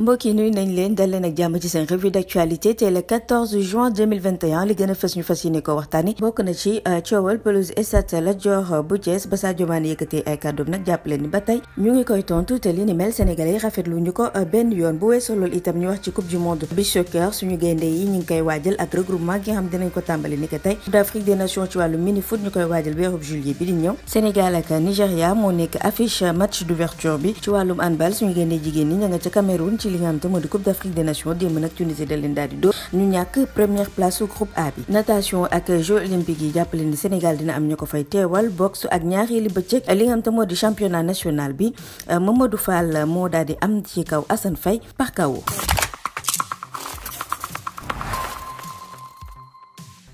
mbokk yi nuyu nañ leen dal leen ak jàmm ci seen revue d'actualité tey le 14 juin 2021 li gën a fës ñu fas yéene ko waxtaani bokk na ci euh, coowal pelouse stade la Dior bu Thiès ba Sadio Mané yëkkatee ay kàddoom nag jàppale ni ba tey ñu ngi koy tontu te li ni mel sénégalais yi rafetlu ñu ko euh, benn yoon bu weesoo loolu itam ñu wax ci coupe du monde bi soccer suñu gaynde yi ñu ngi koy waajal ak regroupement gi nga xam dinañ ko tàmbali ni ko tey d'Afrique des nations ci wàllu mini foot ñu koy waajal weerub juillet bi di ñëw Sénégal ak Nigeria moo nekk affiche match d'ouverture bi ci wàllum handball suñu gaynde jigéen ñi ña nga ca Cameroun ci li nga xamante moo di Coupe d'Afrique des Nations démb nag Tunisie da leen daal di dóor ñu ñàkk première place su groupe A bi natation ak jeux olympiques yi jàppale ni Sénégal dina am ñu ko fay teewal boxe ak ñaareeli bëccëg li nga xamante moo di championnat national bi ma Mamadou Fall moo daal di am ci kaw Assane Faye par kaw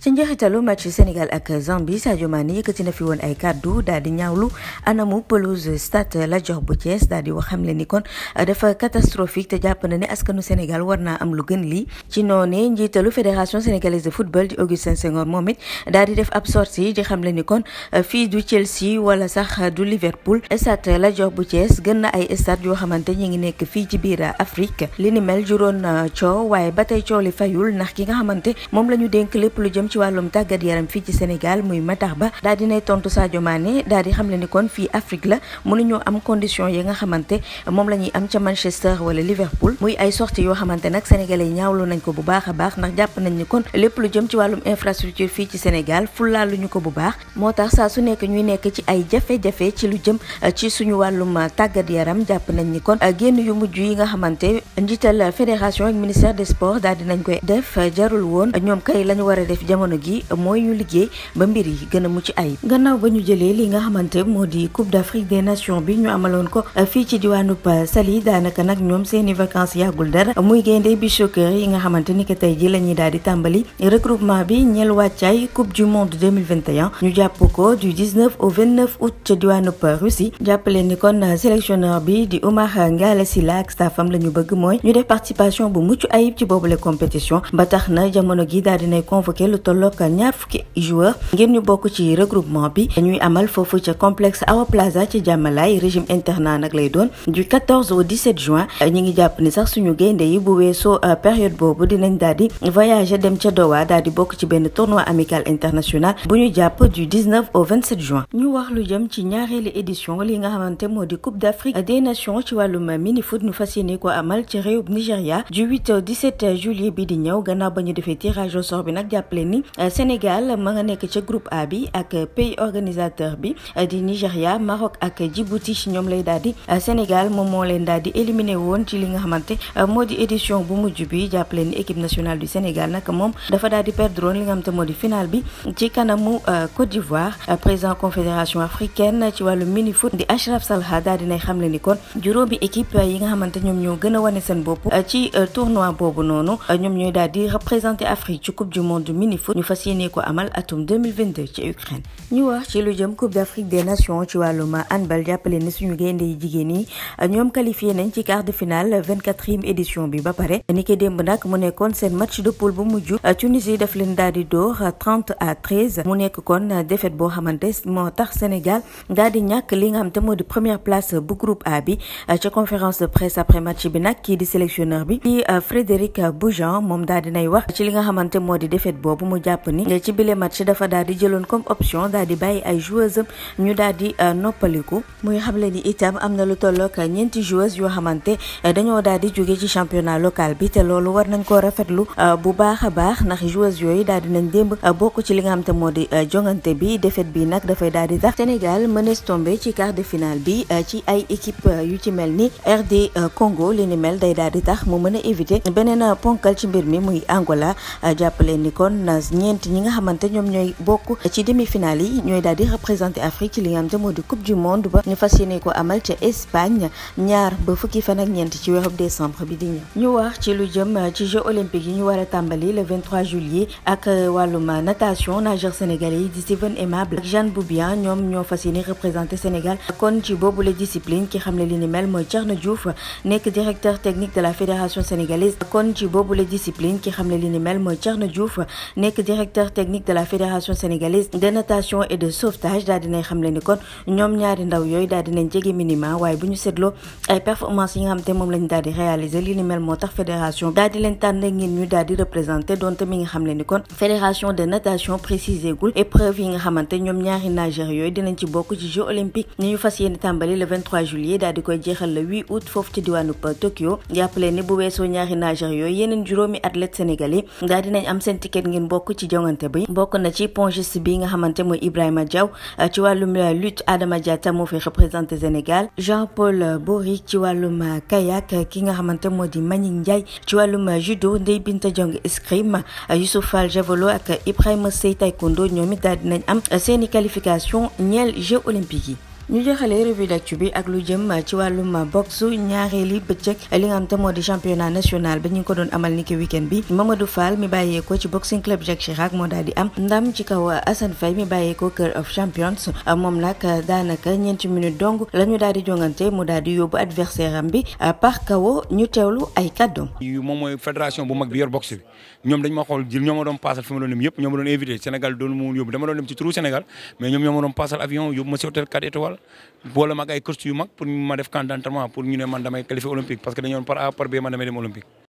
ci njeexitalu match Sénégal ak Zambie Sadio Mané yëkkati na fi woon ay kaddu daal di ñaawlu anamu pelouse stade Lat Dior bu Thiès daal di wax xamle ni kon dafa catastrophique te jàpp na ni askanu Sénégal war naa am lu gën lii. ci noonee njiitalu fédération sénégalaise de football di Augustin Senghor moom it daal di def ab sortie di xamle ni kon fii du Chelsea wala sax du Liverpool stade Lat Dior bu Thiès gën na ay stade yoo xamante ñi ngi nekk fii ci biir Afrique li ni mel juróon coow waaye ba tey coow li fayul ndax ki nga xamante moom la lépp lu jëm ci wàllum tàggat yaram fii ci Sénégal muy Matar Ba daal dinay tontu Sadio Mané daal di xam le ni kon fii Afrique la mënuñoo am condition yi nga xamante moom la ñuy am ca Manchester wala Liverpool muy ay sortie yoo xamante nag sénégalais ñaawlu nañ ko bu baax a baax ndax jàpp nañ ni kon lépp lu jëm ci wàllum infrastructure fii ci Sénégal fullaalu ñu ko bu baax moo tax saa su nekk ñuy nekk ci ay jafe-jafe ci lu jëm euh, ci suñu wàllum euh, tàggat yaram jàpp nañ euh, yi nga xamante njiital fédération ak ministère des sports daal dinañ koy def a jamono gi mooy ñu liggéey ba mbir yi gën a mucc ayib gannaaw ba ñu jëlee li nga xamante moo di Coupe d'Afrique des Nations bi ñu amaloon ko eh, fii ci diwaanub eh, sali daanaka nag ñoom seeni vacances yàggul dara muy gaynde bi soccer yi nga xamante ni que tey ji la ñuy daal di tàmbali regroupement bi ñeel wàccaay Coupe du Monde 2021 ñu jàpp ko du 19 au 29 août ci diwaanub eh, Russie jàppale ni kon sélectionneur bi di omar Ngalla Sylla ak staffam la ñu bëgg mooy ñu def participation bu mucc ayib ci boobule compétition ba tax na jamono gi daal dinay convoqué tolloog ñaar fukki joueur ngir ñu bokk ci regroupement bi dañuy amal fofu ci complexe Awa Plaza ci jàmmalaay régime internat nak lay doon du 14 au 17 juin ñi ngi japp ni sax suñu gaynde yi bu wéso euh, période bobu dinañ daldi voyager dem ci Doha daldi bokku ci benn tournoi amical international bu ñu japp du 19 au 27 juin ñu wax lu jëm ci ñaareelu édition li nga xamanté modi Coupe d'Afrique des Nations ci walum mini foot ñu fas ko amal ci réew nigeria du 8 au 17 juillet bi di ñëw gannaaw ba ñu défé tirage au sort bi nak jàppale ni ni euh, Sénégal ma nga groupe A bi ak pays organisateur bi euh, di Nigeria, Maroc ak Djibouti ñom lay daldi euh, Sénégal moom moo leen daal éliminer éliminé woon ci li nga xamanté édition bu mujj bi jàppale ni équipe nationale du Sénégal nak mom dafa daldi di perdre li nga xamanté modi finale bi ci kanamu Côte d'Ivoire président confédération africaine ci walu mini foot di Ashraf Salha daldi nay xam ni kon juroomi équipe yi nga xamanté ñom ñoo gëna wone ci tournoi bobu nonu ñom ñoy daldi représenter Afrique ci coupe du monde mini foot ñu fas ko amal atum 2022 ci Ukraine ñu wax ci lu jëm Coupe d'Afrique des Nations ci wàllum handball jàppale ne suñu gaynde yi jigéen yi ñoom qualifié nañ ci quart de finale 24e édition bi ba pare ni ki démb nag mu nekkoon seen match de poule bu mujj Tunisie daf leen daal Dor 30 à 13 mu nekk kon défaite boo xamante moo Sénégal daal di ñàkk li nga de te première place bu groupe A bi ca conférence de presse après match bi nag kii di sélectionneur bi euh, Frédéric Boujan moom daal di nay wax ci li nga xamante moo défaite boobu mu jàpp ni ci bile match dafa daal di jëloon comme option daal di bàyyi ay joueuses am ñu daal di euh, noppaliku muy xamle ni itam am na lu tollook ñeenti joueuses yoo xamante euh, dañoo daal di jóge ci championnat local bi te loolu war nañ koo rafetlu euh, bu baax a baax ndax joueuses yooyu daal di nañ démb bokk ci li nga xamante moo di jongante bi défaite bi nag dafay daal di tax Sénégal mënees tombé ci quart de finale bi ci ay équipe yu ci mel ni RD Congo li ni mel day daal di tax mu mën a éviter beneen ponkal ci mi muy Angola 15 ñeent ñi nga xamanté ñom ñoy bokku ci demi-finale yi ñoy daal di représenter Afrique li ñam xam coupe du monde ba ñu fas ko amal ci Espagne ñaar ba fukki fan ak ñeent ci weeru décembre bi di ñëw ñu wax ci lu jëm ci jeux olympiques yi ñu wara tambali le 23 juillet ak euh, wàllum natation nageur sénégalais di Steven Aimable ak Jeanne Boubian ñom ñoo fas représenter Sénégal kon ci bobu le discipline ki xamlé ne li ni mel moy Thierno Diouf nek directeur technique de la fédération sénégalaise kon ci bobu le discipline ki xamlé ne li ni mel moy Thierno Diouf nek directeur technique de la fédération sénégalaise de natation et de sauvetage dal dinañ xam le kon ñom ñaari ndaw yoy dal dinañ jégué minima waaye buñu sétlo ay performance yi nga xamanté mom lañu dal di réaliser li ni mel motax fédération dal di leen tànn ngeen ñu dal di représenté donte mi nga xam kon fédération de natation précisé goul épreuve yi nga xamanté ñom ñaari nageur yoy dinañ ci bokku ci jeux olympiques ni ñu fas le 23 juillet dal di koy le 8 août fofu ci diwaanu euh, Tokyo jàppale ni bu wéso ñaari nageur yoy yeneen juroomi athlète sénégalais daal dinañ am sen ticket ngeen bokk bokk ci jongante bi bokk na ci pongiste bi nga xamante mooy Ibrahima Diaw eh, ci wàllum eh, lutte Adama Diatta moo fi représenté Sénégal Jean Paul Bori ci wàllum eh, kayak ki nga xamante moo di Manick Ndiaye ci wàllum judo Ndeye Binta Diong escrime Youssouf Fall Javelo ak Ibrahima Sey taekwondo ñoom it daal dinañ am seeni qualification ñeel Jeux olympiques yi ñu jeexalee revue d'actu bi ak lu jëm ci wàllum boxe ñaareeli bëccëg li nga xam te moo di championnat national bi ñu ngi ko doon amal niki weekend bi Mamadou Fall mi bàyyeekoo ci boxing club Jacques Chirac moo daal di am ndam ci kaw Assane Faye mi bàyyeekoo Cœur Champions moom nag daanaka ñeenti minutes dong la ñu daal di jongante mu daal di yóbbu adversaire am bi par kawo ñu teelu ay kàddoom. moom mooy fédération bu mag bi yor boxe bi. ñoom dañ ma xool jël ñoo doon paasal fi ma doon dem yëpp ñoo doon invité Sénégal doon mu yóbbu dama doon dem ci turu Sénégal mais ñoom ñoo doon paasal avion yóbbu ma si hôtel 4 étoiles boole ma ak ay course yu mag ma def camp d'entraînement pour ñu ne man damay qualifié olympique parce que dañoon par A man damay dem olympique